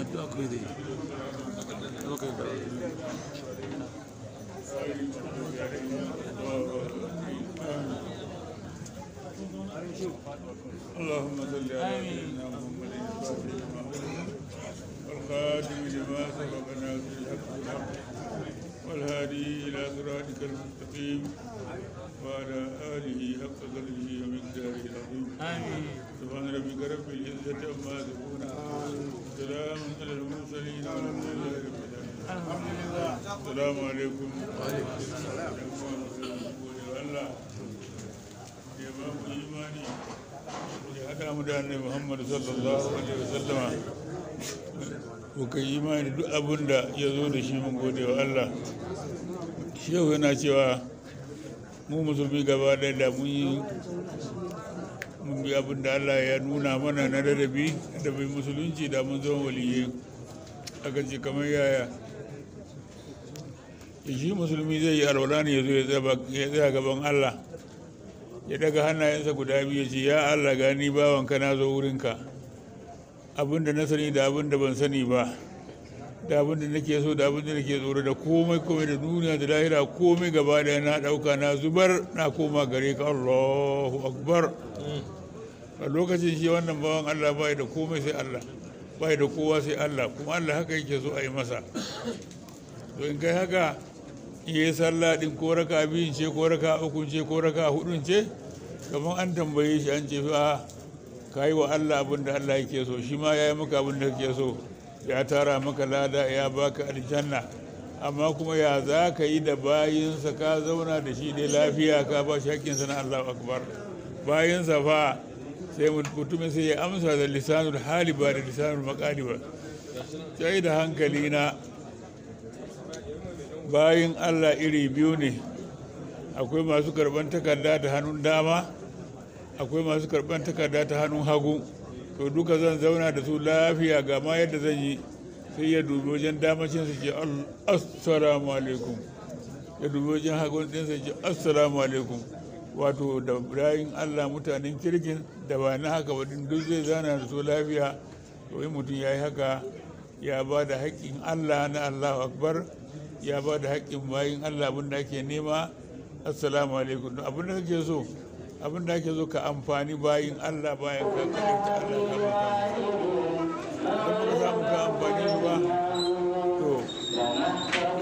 اللهم صل على سيدنا محمد والخادم لما سبقنا في الحق والهادي إلى صراطك المستقيم وعلى آله حق قدره ومقداره العظيم سبحان ربك رب العزة عما يصفون وسلام على المرسلين والحمد لله رب العالمين الحمد لله السلام عليكم وعليكم السلام الله يا باب الايماني هذا مدان محمد صلى الله عليه وسلم kuka imani duk abin da ya zo da shi mun gode wa Allah shehu yana cewa mu musulmi gaba ɗaya da mun yi mun abin da Allah ya nuna mana na ladabi da mai musulunci da mun zama a aka ce kamar yaya shi musulmi zai yi alwala ne ya zo ya tsaya gaban Allah ya daga hannayensa guda biyu ya ce ya Allah gani bawanka na zo wurinka abin da na sani da abin da ban sani ba da abin da nake so da abin da nake tsoro da komai komai da duniya da lahira komai gaba daya na dauka na zubar na koma gare ka Allahu akbar mm. a lokacin shi wannan bawan Allah bai da komai sai Allah bai da kowa sai Allah kuma Allah haka yake so a yi masa to in kai haka iya yi sallah din ko raka biyun ce ko raka uku ce ko raka hudu ce kamar an tambaye shi an ce fa ka yi wa Allah abin da Allah yake so shi ma ya yi maka abin da yake so ya tara maka lada ya baka aljanna amma kuma ya za ka yi da bayinsa ka zauna da shi dai lafiya ka ba shi sa na Allah akbar bayinsa fa sai mutumin sai ya amsa da lisanul hali ba da lisanul makali ba sai da hankali na bayin allah iri biyu ne akwai masu karban takarda ta hannun dama akwai masu karban takarda ta hannun hagu to duka zan zauna da su lafiya ga ma yadda zan yi sai ya dubi wajen damacin su ce assalamu alaikum ya dubi wajen hagun ɗinsa ce assalamu alaikum wato da bayan allah mutanen kirkin da ba na haka ba duk zai zana da su lafiya to yi mutum ya yi haka ya ba da haƙƙin allah na allahu akbar ya ba da haƙƙin bayan allah abin da ake nema assalamu alaikum abin da kake so abin da ake so ka amfani bayan allah bayan ka ta allah ka ba za mu ka amfani ba to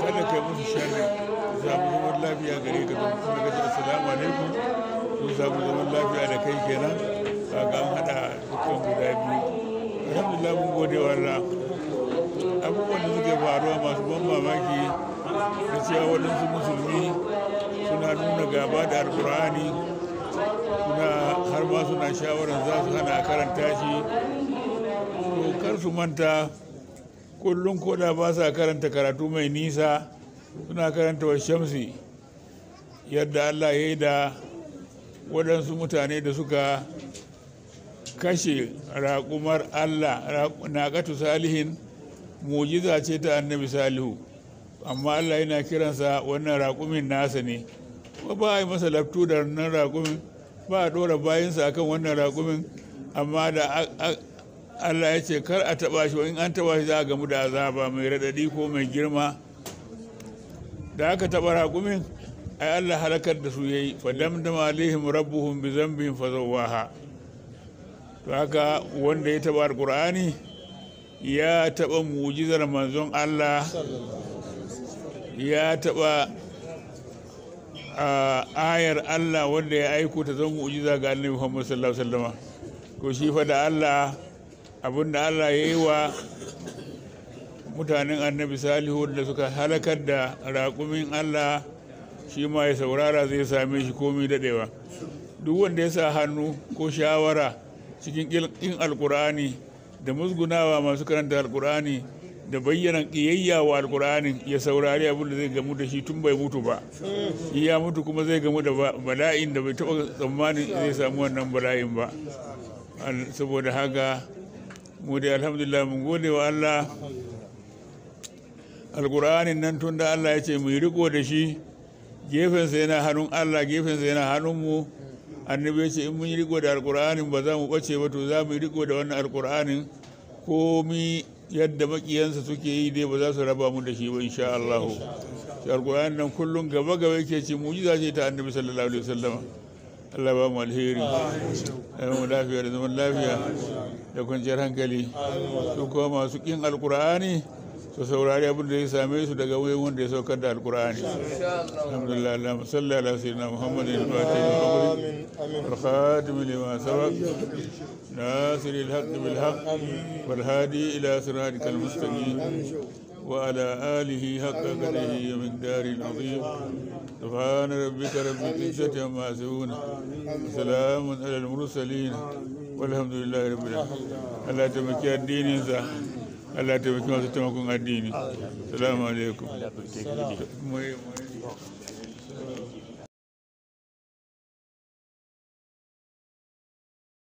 kada ka musu shari'a samu zaman lafiya gare ka don kuma ka ce alaikum mun samu zaman lafiya da kai kenan ka ga hada haɗa dukkan guda biyu alhamdulillah mun gode wa Allah abubuwan da suke faruwa masu ban mamaki da cewa waɗansu musulmi suna nuna gaba da alkur'ani suna har ma suna shawarar za su hana karanta shi kar su manta kullum koda da ba sa karanta karatu mai nisa suna karanta wa shamsi yadda allah ya yi da waɗansu mutane da suka kashe raƙumar allah na gatu salihin mujiza ce ta annabi salihu amma allah yana kiransa wannan raƙumin nasa ne ba a yi masa laftu da nan raƙumin ba a ɗora bayansa akan wannan raƙumin amma da allah ya ce kar a taɓa shi in an taɓa shi za a gamu da azaba mai raɗaɗi ko mai girma da aka taɓa raƙumin ai Allah halakar da su ya yi, fa damdama alaihim rabbuhum bi zambihim fa zawaha to haka wanda ya taɓa alqur'ani ya taɓa mu'jizar manzon Allah ya taɓa ayar Allah wanda ya aiko ta zan mu'jiza ga Annabi Muhammad sallallahu alaihi wasallam ko shi fa da Allah abinda Allah ya yi wa mutanen annabi salihu da suka halakar da raƙumin allah shi ma ya saurara zai same shi komi daɗewa duk wanda ya sa hannu ko shawara cikin ƙin alƙur'ani da musgunawa masu karanta alƙur'ani da bayyana ƙiyayya wa alƙur'anin ya saurari abin da zai gamu da shi tun bai mutu ba ya mutu kuma zai gamu da bala'in da bai taɓa tsammanin zai samu wannan bala'in ba saboda haka mu da alhamdulillah mun gode wa allah alkur'anin nan tun da allah ya ce mu riko da shi gefen sai na hannun allah gefen sai na hannunmu annabi ya ce in mun yi riko da alkur'anin ba za mu ɓace ba to za mu yi riko da wannan alkur'anin komi yadda makiyansa suke yi dai ba za su raba mu da shi ba insha Allah shi alkur'ani nan kullum gaba gaba yake ce mujiza ce ta annabi sallallahu alaihi wasallam Allah ba mu alheri da mu lafiya da zaman lafiya da kwanciyar hankali su kuma masu kin alkur'ani سوراري أبو ديك سامي سدعوا يعون ديسو كدا القرآن الحمد لله اللهم صل على سيدنا محمد الفاتح الخاتم لما سبق ناصر الحق بالحق والهادي إلى صراطك المستقيم وعلى آله حق قدره من دار العظيم سبحان ربك رب العزة عما يصفون سلام على المرسلين والحمد لله رب العالمين الله تمكي الدين Allah ya taimaki masu taimakon addini. Salamu alaikum.